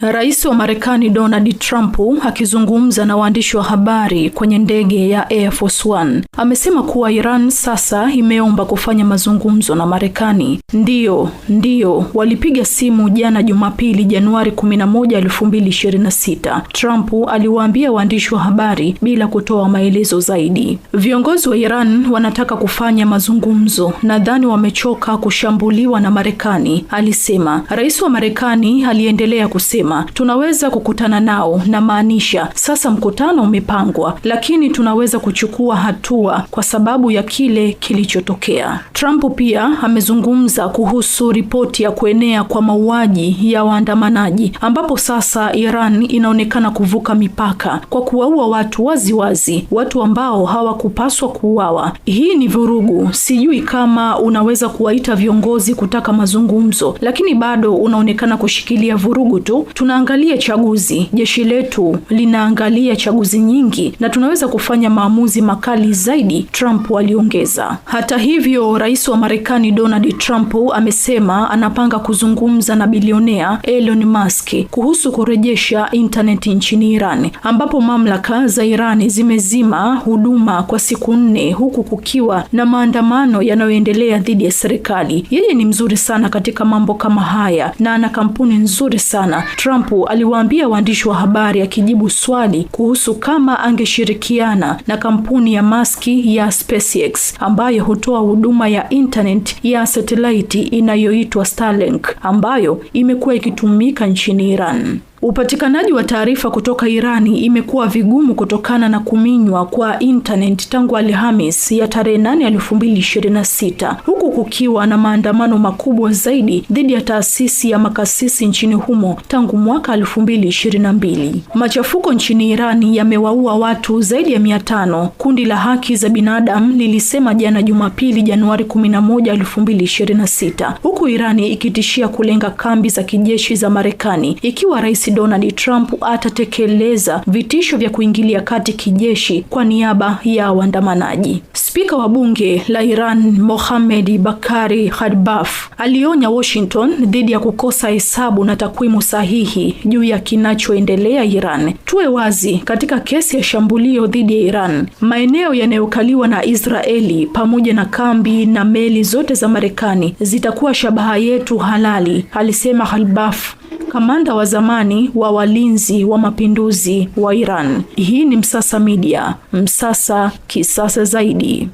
Rais wa Marekani Donald Trump akizungumza na waandishi wa habari kwenye ndege ya Air Force One amesema kuwa Iran sasa imeomba kufanya mazungumzo na Marekani. Ndiyo, ndiyo, walipiga simu jana Jumapili Januari 11, 2026. Trump aliwaambia waandishi wa habari bila kutoa maelezo zaidi. Viongozi wa Iran wanataka kufanya mazungumzo, nadhani wamechoka kushambuliwa na Marekani, alisema. Rais wa Marekani aliendelea kusema kusema tunaweza kukutana nao, na maanisha sasa mkutano umepangwa, lakini tunaweza kuchukua hatua kwa sababu ya kile kilichotokea. Trump pia amezungumza kuhusu ripoti ya kuenea kwa mauaji ya waandamanaji, ambapo sasa Iran inaonekana kuvuka mipaka kwa kuwaua watu waziwazi wazi, watu ambao hawakupaswa kuuawa. Hii ni vurugu. Sijui kama unaweza kuwaita viongozi kutaka mazungumzo, lakini bado unaonekana kushikilia vurugu tu tunaangalia chaguzi, jeshi letu linaangalia chaguzi nyingi na tunaweza kufanya maamuzi makali zaidi, Trump aliongeza. Hata hivyo, rais wa Marekani Donald Trump amesema anapanga kuzungumza na bilionea Elon Musk kuhusu kurejesha intaneti nchini Iran, ambapo mamlaka za Iran zimezima huduma kwa siku nne huku kukiwa na maandamano yanayoendelea dhidi ya serikali. Yeye ni mzuri sana katika mambo kama haya na ana kampuni nzuri sana Trump Trump aliwaambia waandishi wa habari akijibu swali kuhusu kama angeshirikiana na kampuni ya maski ya SpaceX ambayo hutoa huduma ya internet ya satellite inayoitwa Starlink ambayo imekuwa ikitumika nchini Iran. Upatikanaji wa taarifa kutoka Irani imekuwa vigumu kutokana na kuminywa kwa internet tangu Alhamis ya tarehe nane 8 2026, huku kukiwa na maandamano makubwa zaidi dhidi ya taasisi ya makasisi nchini humo tangu mwaka 2022. Machafuko nchini Irani yamewaua watu zaidi ya mia tano, kundi la haki za binadamu lilisema jana Jumapili, Januari 11, 2026, huku Irani ikitishia kulenga kambi za kijeshi za Marekani ikiwa rais Rais Donald Trump atatekeleza vitisho vya kuingilia kati kijeshi kwa niaba ya waandamanaji. Spika wa bunge la Iran Mohamed Bakari Khalbaf alionya Washington dhidi ya kukosa hesabu na takwimu sahihi juu ya kinachoendelea Iran. Tuwe wazi katika kesi ya shambulio dhidi ya Iran, maeneo yanayokaliwa na Israeli pamoja na kambi na meli zote za Marekani zitakuwa shabaha yetu halali, alisema Khalbaf kamanda wa zamani wa walinzi wa mapinduzi wa Iran. Hii ni Msasa Media, Msasa kisasa zaidi.